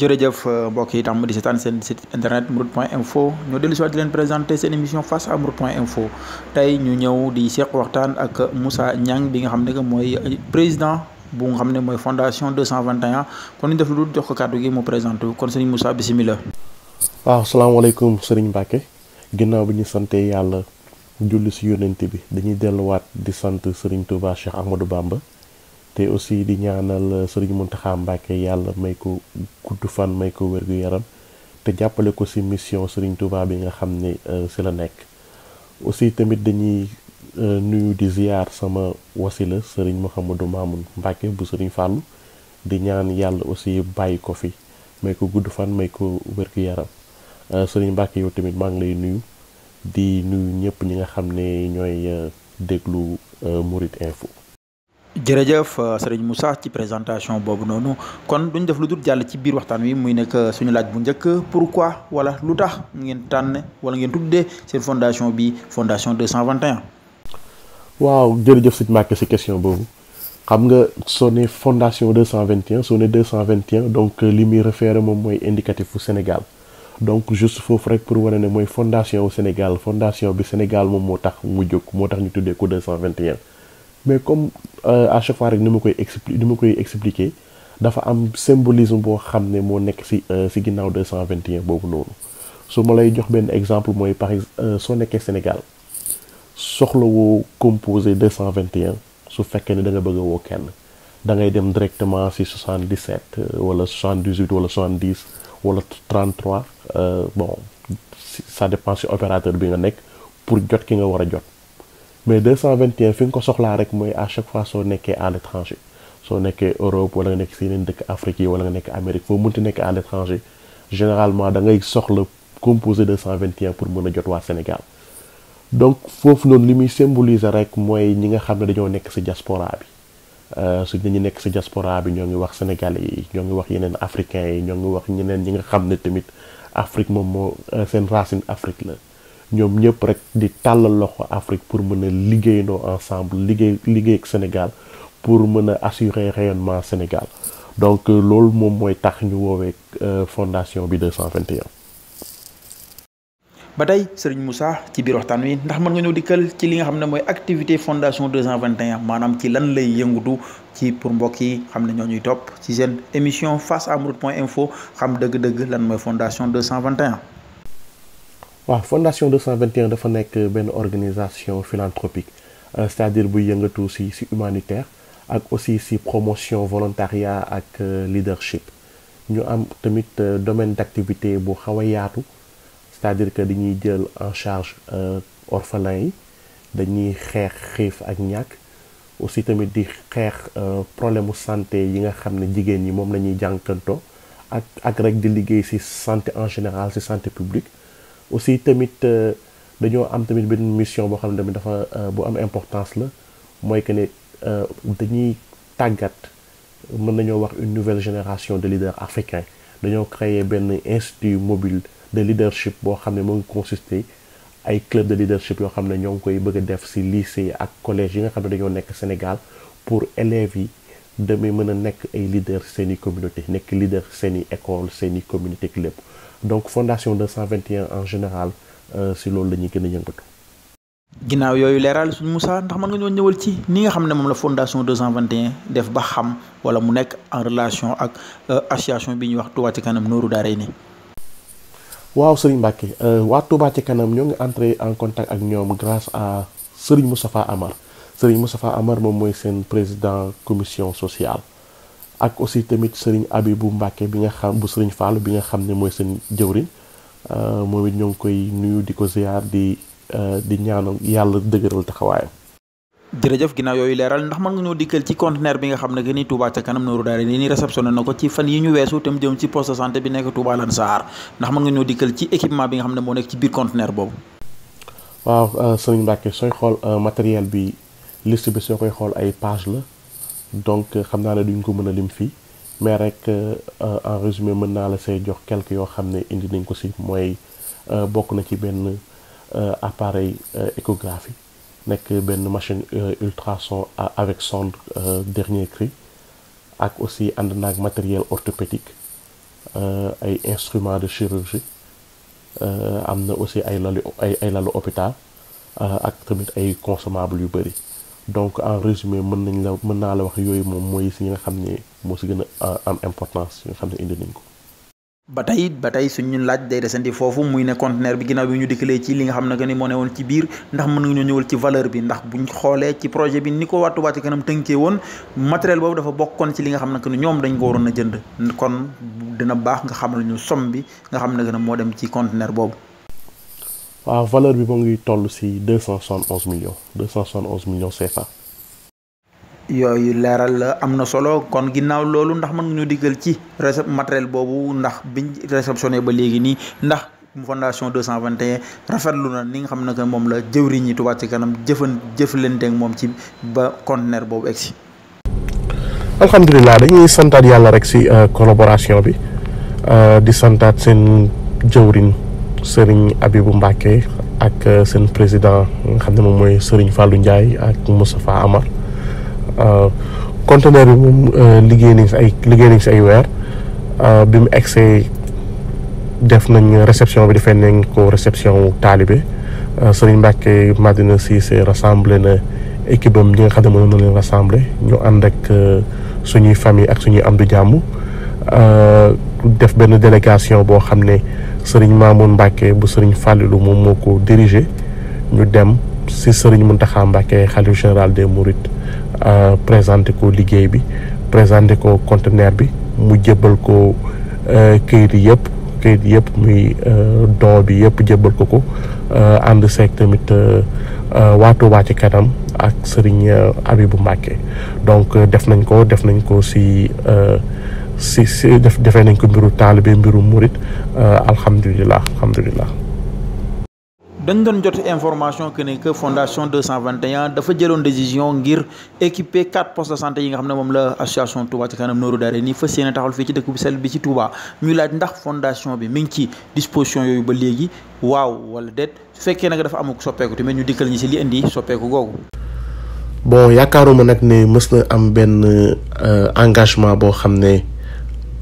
jërëjëf euh, mbokk yi itam di seetaan seen site internet mourides point info ñoo dellu si waat di leen présenté seen émission face à mourides point info tey ñu ñëw di seq waxtaan ak Moussa Niang bi nga xam ne que mooy président bu nga xam ne mooy fondation 221 kon ñu def lu dul jox ko kàddu gi mu présenté kon sëriñ Moussa bisimilah. waaw salaamaaleykum sëriñ Mbacke ginnaaw bi ñu sante yàlla julli si yónnent bi dañuy delluwaat di sant sëriñ Touba Cheikh Ahmadou Bamba. te aussi di ñaanal euh, Serigne Mountakha Mbacké yàlla may ko gudd fan may ko wér gu yaram te jàppale ko ci mission Serigne Touba bi nga xam ne euh, ci la nekk aussi tamit dañuy euh, nuyu di ziar sama wasila Serigne Mouhamadou Mamoun Mbacké bu Serigne Fallou di ñaan yàlla aussi bàyyi ko fi may ko gudd fan may ko wér gu yaram Serigne Mbacké yow tamit maa ngi lay nuyu di nuyu ñëpp ñi nga xam ne ñooy déglu Mouride Info jërëjëf euh, sëriñ Moussa ci présentation boobu noonu kon duñ def lu dul jàll ci biir waxtaan wi muy nekk suñu laaj bu njëkk pourquoi wala lu tax ngeen tànn wala ngeen tuddee seen fondation bi fondation 221. waaw jërëjëf sëñ Mbacke si question boobu xam nga soo fondation 221 soo 221 donc euh, li muy référé moom mooy indicatif fu Sénégal donc juste foofu rek pour wane ne mooy fondation au Sénégal fondation bi Sénégal moom moo tax mu jóg moo tax ñu tuddee ko 221. mais comme euh, à chaque fois rek ni ma koy expli ni ma koy expliquer dafa am symbolisme boo xam ne moo nekk ci ci euh, ginnaaw 221 boobu noonu soo ma lay jox benn exemple mooy par exemple euh, soo nekkee Sénégal soxlawoo composé 221 su fekkee ne da nga bëgg woo kenn da ngay dem directement ci 77 wala 78 wala 70 wala 33 bon ça dépend ci opérateur bi nga nekk pour jot ki nga war a jot. mais 221 fi ko soxla rek moy à chaque fois so nekkee à l'étranger so nekkee Europe wala nga nekk si dëkk Afrique wala nga nekk Amérique fo mënti nekk à l'étranger généralement da ngay soxla composé 221 pour mëna jot wa Sénégal donc fofu non limi muy symboliser rek moy ñi nga xamné ne dañoo nekk si diaspora bi euh su ñi nekk sa diaspora bi ñoo ngi wax sénégalais yi ñoo ngi wax yeneen africains yi ñoo ngi wax ñeneen ñi nga xamné tamit Afrique mo moo euh, seen racine Afrique la ñoom ñëpp rek di tàllal loxo Afrique pour mën a liggéeyandoo ensemble liggéey liggéey ak Sénégal pour mën a assurer rayonnement Sénégal donc euh, loolu moom mooy tax ñu woowee euh, fondation bi 221. ba tey sëriñ Moussa ci biir waxtaan wi ndax mën nga ñëw dikkal ci li nga xam ne mooy activité fondation 221 maanaam ci lan lay yëngutu ci pour mbokk yi xam ne ñoo ñuy topp ci seen émission face à mourides point info xam dëgg-dëgg lan mooy fondation 221. La fondation 221 dafa une euh, ben organisation philanthropique euh, c'est-à-dire bu yëngatu ci ci humanitaire ak aussi ci promotion volontariat ak euh, leadership ñu am tamit domaine d'activité bu xaw yaatu c'est-à-dire que dañuy jël en charge orphelins yi dañuy xeex xiif ak ñàkk aussi tamit di xeex problème santé yi nga xam ne jigéen ñi moom la ñuy jànkantoo ak ak rek di liggéey ci santé en général ci santé publique aussi tamit euh, dañoo am tamit benn mission boo xam ne tamit dafa euh, bu am importance la mooy que ne euh, dañuy tàggat mën nañoo wax une nouvelle génération de leaders africains dañoo créer benn institut mobile de leadership boo xam ne mu ngi consisté ay club de leadership yoo xam ne ñoo ngi koy bëgg a def ci lycée ak collège yi nga xam ne dañoo nekk Sénégal pour élèves yi demee mën a nekk ay leaders seeni communauté nekk leader seeni école seeni communauté ak lépp donc fondation 221 en général euh, si loolu la ñuy gën a yëngatu. ginnaaw yooyu suñu Moussa ndax mën nga ñoo ñëwal ci ni nga xam ne moom la fondation 221 def ba xam wala mu nekk en relation ak euh, association bi ñuy wax Touba ci kanam Nourou ni waaw Serigne Mbacke euh, waa Touba ci kanam ñoo ngi entré en contact ak ñoom grâce à Serigne Moustapha Amar Serigne Moustapha Amar moom mooy seen président commission sociale. ak aussi tamit sëriñ bu Mbacke bi nga xam bu sëriñ Fall bi nga xam ne mooy seen jëwriñ euh, moom it ñoo ngi koy nuyu di ko ziar di euh, di ñaanal yàlla dëgëral taxawaayam. jërëjëf ginnaaw yooyu leeral ndax mën nga ñoo dikkal ci conteneur bi nga xam ne que ni Touba ca kanam nooru daal ni ni réceptionné na ko ci fan yi ñu weesu tam jëm ci poste de santé bi nekk Touba Lansar ndax mën nga ñoo dikkal ci équipement bi nga xam ne moo nekk ci biir conteneur boobu. waaw euh, sëriñ Mbacke sooy xool matériel bi liste soo koy xool ay page donc euh, xam naa ne duñ ko mën mais euh, euh, en résumé mën la quelques yoo xam indi nañ appareil machine ultrason avec son dernier cri ak aussi ànd matériel orthopédique ay instruments de chirurgie aussi ay ay ay hôpital consommables yu donc en résumé mën nañ la mën naa la wax yooyu moom mooy si nga xam ne moo si gën a euh, am importance si nga xam ne indi nañ ko. ba tey ba tey suñu laaj day desandi foofu muy ne conteneur bi ginnaaw bi ñu dikkalee ci li nga xam ne que ni moo ne woon ci biir ndax mën nga ñoo ñëwal ci valeur bi ndax buñ xoolee ci projet bi ni ko waa Touba ca kanam tënkee woon matériel boobu dafa bokkoon ci li nga xam ne que ni ñoom dañ ko waroon a jënd kon dina baax nga xam ne ñu somme bi nga xam ne que moo dem ci conteneur boobu. waaw valeur bi mo ngi toll si 271 millions 271 millions CFA yooyu leeral la am na solo kon ginnaaw loolu ndax mën nga ñu diggal ci récep matériel boobu ndax biñ réceptionné ba léegi nii ndax fondation 221 rafetlu na ni nga xam ne que moom la jëwriñ ñi tubaab ci kanam jëfan jëflanteeg moom ci ba conteneur boobu egsi alhamdulilah dañuy santaat yàlla rek si euh, collaboration bi euh, di santaat seen jëwriñ Serigne Abibou Mbacke ak euh, seen président nga xam ne moom mooy Serigne Fallou Ndiaye ak Moustapha Amar euh, conteneur bi euh, liggéey nañ ay liggéey nañ si bi mu egsee def nañ réception bi defee nañ ko réception wu taalibe Serigne Mbacke Madina Cissé rassemblé na équipe am ñi nga xam ne moom na leen ñu ànd ak suñuy famille ak suñuy am du jàmm. def benn délégation boo xam ne sëriñ Mamoun Mbacke bu sëriñ Fallilou moom moo ko diriger ñu dem si sëriñ Mountakha Mbacke xalif général des Mourides euh, présenté ko liggéey bi présenté ko conteneur bi mu jébbal ko euh, këyit yëpp këyit yëpp muy euh, don bi yëpp jébbal ko ko ànd seek tamit waa Touba ci kanam ak sëriñ Abibou Mbacke donc def nañ ko def nañ ko si. si si def defee nañ ko mbiru taalibe mbiru murit euh, alhamdulilah alhamdulilah. dañ doon jot information que ne que fondation 221 dafa jëloon décision ngir équiper quatre postes de santé yi nga xam ne moom la association Touba ci kanam nooru daare nii fas yéene taxawal fii ci dëkk bu sell bi ci Touba ñu laaj ndax fondation bi mi ngi ci disposition yooyu ba léegi waaw wala déet fekkee nag dafa amuk soppeeku tamit ñu dikkal ñi si li indi soppeeku googu. bon yaakaaruma nag n mës na am benn euh, engagement boo xam ne.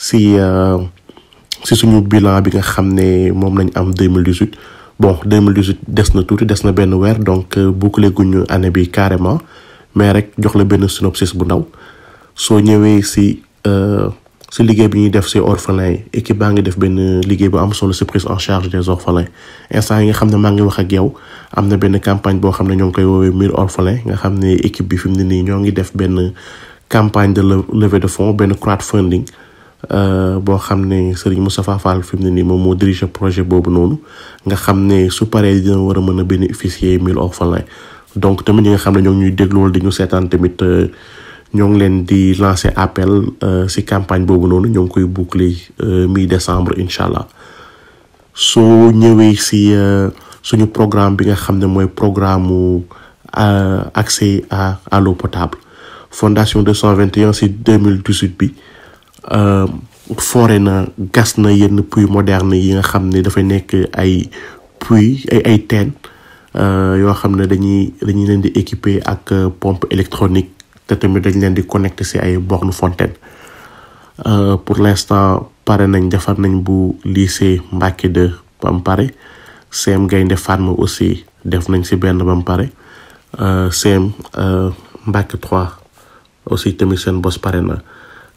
si euh, si suñu bilan bi nga xam ne moom lañ am 2018 bon 2018 des na tuuti des na benn weer donc euh, boucler ñu année bi carrément mais rek jox la benn synopsis bu ndaw soo ñëwee si euh, si liggéey bi ñuy def si orphelins yi équipe baa ngi def benn liggéey bu am solo si prise en charge des orphelins instant yi nga xam ne maa ngi wax ak yow am na benn campagne boo xam ne ñoo ngi koy woowee mille orphelins nga xam ne équipe bi fi mu ne nii ñoo ngi def benn campagne de levée de fonds benn crowdfunding Euh, boo xam ne seriñ Moustapha Fall fi mu ne nii moom moo dirige projet boobu noonu nga xam ne su paree dina war a mën a bénéficier mille orphelins donc tamit ñi nga xam ne ñoo ngi ñuy dégluwul di ñu seetaan tamit euh, ñoo ngi leen di lancer appel ci euh, campagne boobu noonu ñoo ngi koy boucler mi décembre incha allah soo ñëwee ci suñu programme bi nga xam ne mooy programme mu accès à à l'eau potable Fondation 221 ci 2018 bi. Euh, foore na gas na yenn puits moderne yi nga xam ne dafay nekk ay puits ay ay teen euh, yoo xam ne dañuy dañuy leen di équiper ak euh, pompe électronique te tamit dañ leen di connecter si ay borne fontaine pour l'instant pare nañ defar nañ bu lycée Mbacké 2 bam pare CEM Gaynde Fatma aussi def nañ ci benn bam pare CEM Mbacké 3 aussi tamit seen bos pare na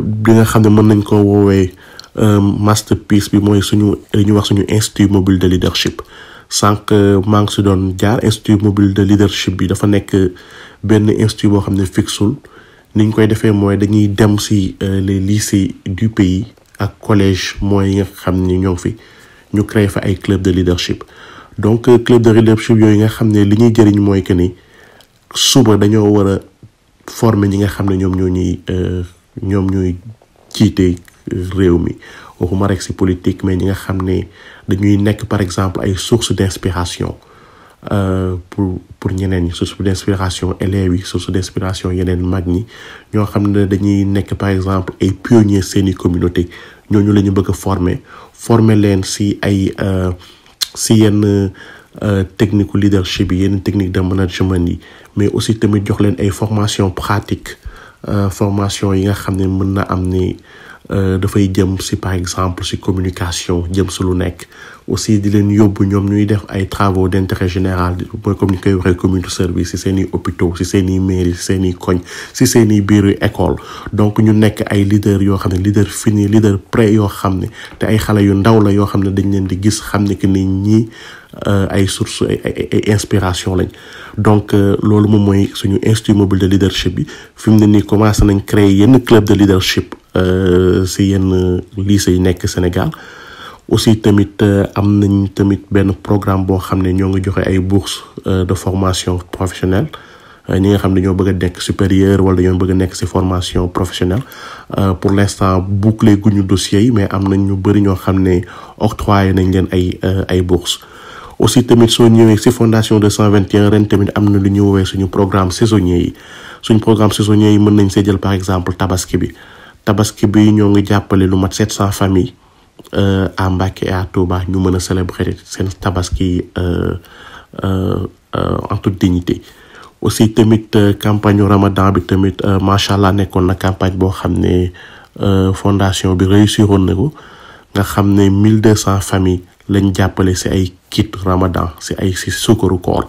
bi nga xam ne mën nañ ko woowee euh, masterpiece bi mooy suñu li ñuy wax suñu institut mobile de leadership sànq maa ngi si doon jaar institut mobile de leadership bi dafa nekk euh, benn institut boo xam ne fixul ni ñu koy defee mooy dañuy dem si euh, les lycées du pays ak collège mooy yi nga xam ne ñoo fi ñu créé fa ay club de leadership donc club de leadership yooyu nga xam ne li ñuy jëriñ mooy que ni suba dañoo war a former ñi nga xam ne ñoom ñoo ñuy ñoom ñooy jiite réew si politique mais par exemple ay source d'inspiration euh, pour pour ñeneen source d'inspiration élèves yi source d'inspiration dañuy par exemple ay communauté bëgg former former leen si ay si euh, yenn euh, leadership yi technique de management mais aussi tamit jox leen ay formation pratique formation yi nga xam ni mën na am ni Euh, fay jëm si par exemple si communication jëm si lu nekk aussi di leen yóbbu ñoom ñuy def ay travaux d' intérêt général mooy comme ni koy waxee commune de service si seen i hôpitaux si seen i mairie si seen i koñ si seen i biiru école donc ñu nekk ay leader yoo xam ne leader fini leader prêt yoo xam ne te ay xale yu ndaw la yoo xam ne dañ leen di gis xam ne que ni ñii euh, ay source ay inspiration lañ donc euh, loolu moom mooy suñu institut mobile de leadership bi fi mu ne nii commencé nañ créer yenn club de leadership Euh, si yenn lycée yi nekk Sénégal aussi tamit euh, am nañ tamit benn programme boo xam ne ñoo ngi joxe ay bourse euh, de formation professionnelle ñi nga xam ne ñoo bëgg a nekk supérieur wala ñoo bëgg a nekk si formation professionnelle pour l'instant boucler guñu dossiers yi mais am nañ ñu bëri ñoo xam ne octroyé nañ leen ay ay bourse aussi tamit soo ñëwee si fondation 221 ren tamit am na lu ñu woowee suñu programme saisonnier yi suñu programme saisonnier yi mën nañ see jël par exemple tabaski bi tabaski bi ñoo ngi jàppale lu mat sept cent famille euh, à Mbacké et à ñu mën a célébrer seen tabaski euh, euh, en toute dignité aussi tamit campagne Ramadan bi tamit macha allah nekkoon na campagne boo xam ne fondation bi réussir woon na ko nga xam ne mille deux cent famille lañ jàppale si ay kit Ramadan si ay si sukkaru koor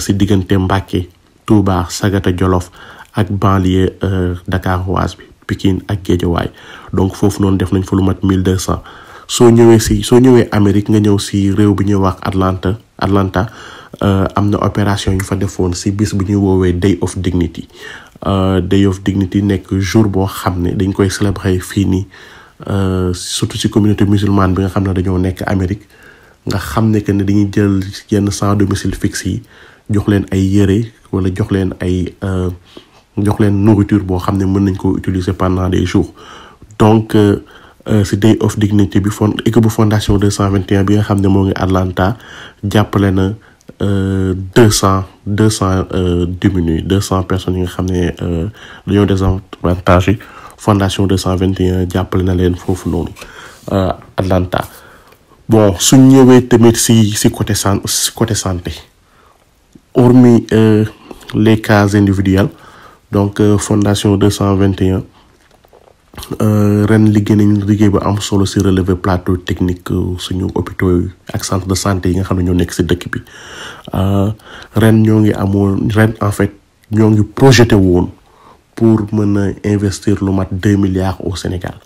si diggante Mbacké Touba Sagata Jolof ak banlieue Dakaroise bi. Pikine ak Guédiawaye donc foofu noonu def nañ fa lu mat 1200 soo ñëwee si soo ñëwee amerique nga ñëw si réew bi ñuy wax Atlanta Atlanta euh, am na opération yu fa defoon si bis bu ñuy woowee Day of Dignity euh, Day of Dignity nekk jour boo xam ne dañ koy célébrer fii nii euh, surtout si communauté musulmane bi nga xam ne dañoo nekk Amérique nga xam ne que dañuy jël yenn sans domicile fixe yi jox leen ay yére walla jox leen ay. jox leen nourriture boo xam ne mën nañ ko utiliser pendant des jours donc si euh, euh, day of dignité bi fond équipe fondation 221 bi nga xam ne moo ngi Atlanta jàppale na 200, euh, 200 deux 200 personnes yi nga xam ne dañoo désavantagé fondation 221 jàppale na leen foofu noonu Atlanta bon suñ ñëwee tamit si si côté san si côté santé hormis les cas individuels donc euh, fondation deux 221 euh, ren liggéey nañu liggéey bu am solo si relevé plateau technique euh, suñu hôpitaux yi ak centre de santé yi nga xam ne ñoo nekk si dëkk bi ren ñoo ngi amoon ren en fait ñoo ngi projeté woon pour mën a investir lu mat deux milliards au Sénégal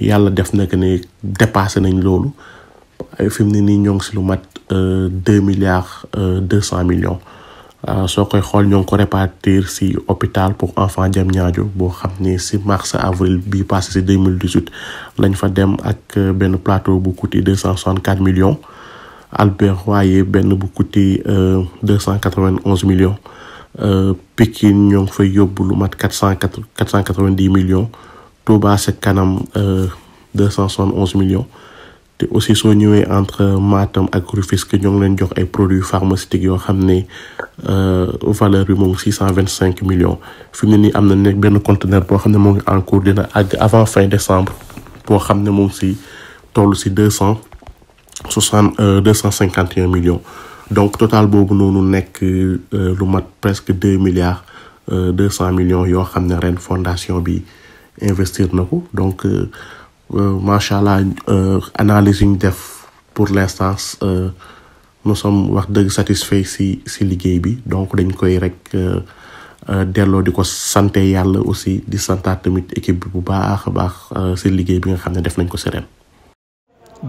yàlla def na que ne dépassé nañ loolu fi mu ne nii ñoo si lu mat deux milliards deux cent millions. Ah, soo koy xool ñoo ngi ko répartir si hôpital pour enfants Diamniadio boo xam ni si mars avril bi passé si deux mille dix-huit lañ fa dem ak euh, benn plateau bu coûté deux cent soixante quatre millions Albert Royer benn bu coûté euh, deux cent quatre vingt onze millions euh, Pikine ñoo ngi fay yóbbu lu mat quatre cent quatre quatre cent quatre vingt dix millions Touba ca kanam deux cent soixante onze millions. te aussi soo ñëwee entre Matam ak Rufisque ñoo ngi leen jox ay produits pharmaceutiques yoo xam ne euh, valeur bi moom six millions fi mu ne nii am na nekk benn conteneur boo xam ne moo ngi en cours dina àgg avant fin décembre boo xam ne moom si toll si 251 euh, millions donc total boobu noonu nekk euh, lu mat presque deux milliards 200 millions yoo xam ne ren fondation bi investir na ko donc. Euh, macha allah euh, analyse yu ñu def pour l'instant euh, nous sommes wax dëgg satisfaits si si liggéey bi donc dañ koy rek delloo di ko sante yàlla aussi di santaat tamit équipe bi bu baax a baax si liggéey bi nga xam ne def nañ ko si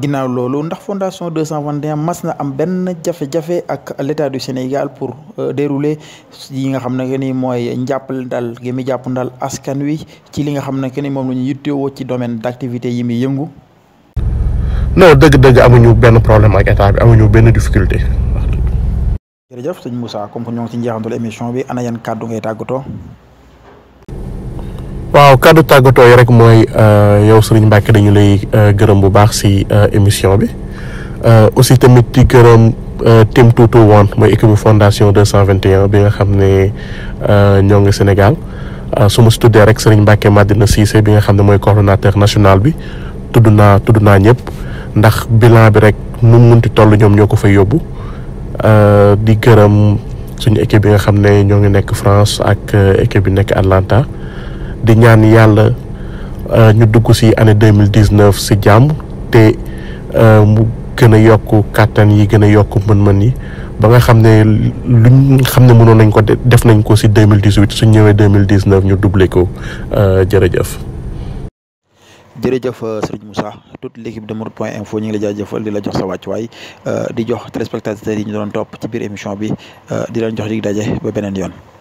ginnaaw loolu ndax fondation 221 mas na am benn jafe-jafe ak l'état du Sénégal pour euh, dérouler yi nga xam ne que ni mooy njàppal dal gi jàpp ndal askan wi ci li nga xam ne que ni moom la ñu yittewoo ci domaine d'activité yi muy yëngu. non dëgg-dëgg amuñu benn problème ak état bi amuñu benn difficulté. jërëjëf sëñ Moussa comme que ñoo ngi ci njeexantul émission bi ana yan kàddu ngay tàggatoo. waaw kàddu tàggatoo rek mooy euh, yow Serigne Mbacke dañu lay euh, gërëm bu baax si euh, émission bi aussi tamit di gërëm team Tuutu One mooy équipe fondation 221 bi nga xam ne ñoo ngi Sénégal su ma si tuddee rek Serigne Mbacke Madina Cissé bi nga xam ne mooy coordonnateur national bi tudd naa tudd naa ñëpp ndax bilan bi rek nu mu munti toll ñoom ñoo ko fay yóbbu di gërëm suñu équipe bi nga xam ne ñoo ngi nekk France ak équipe bi nekk Atlanta. di ñaan yàlla euh, ñu dugg ci année deux mille dix neuf ci jàmm te euh, mu gën a yokk kàttan yi gën a yokk mën-mën yi ba nga xam ne luñ xam ne mënoon nañ ko def nañ ko ci deux mille dix huit suñ ñëwee deux mille dix neuf ñu doublé ko euh, jërëjëf. jërëjëf Serigne Moussa toute l'équipe de Mourides point info ñu ngi la jaajëfal di la jox sa wàccuwaay di jox téléspectateurs yi ñu doon topp ci biir émission bi di leen jox dig daje ba beneen yoon.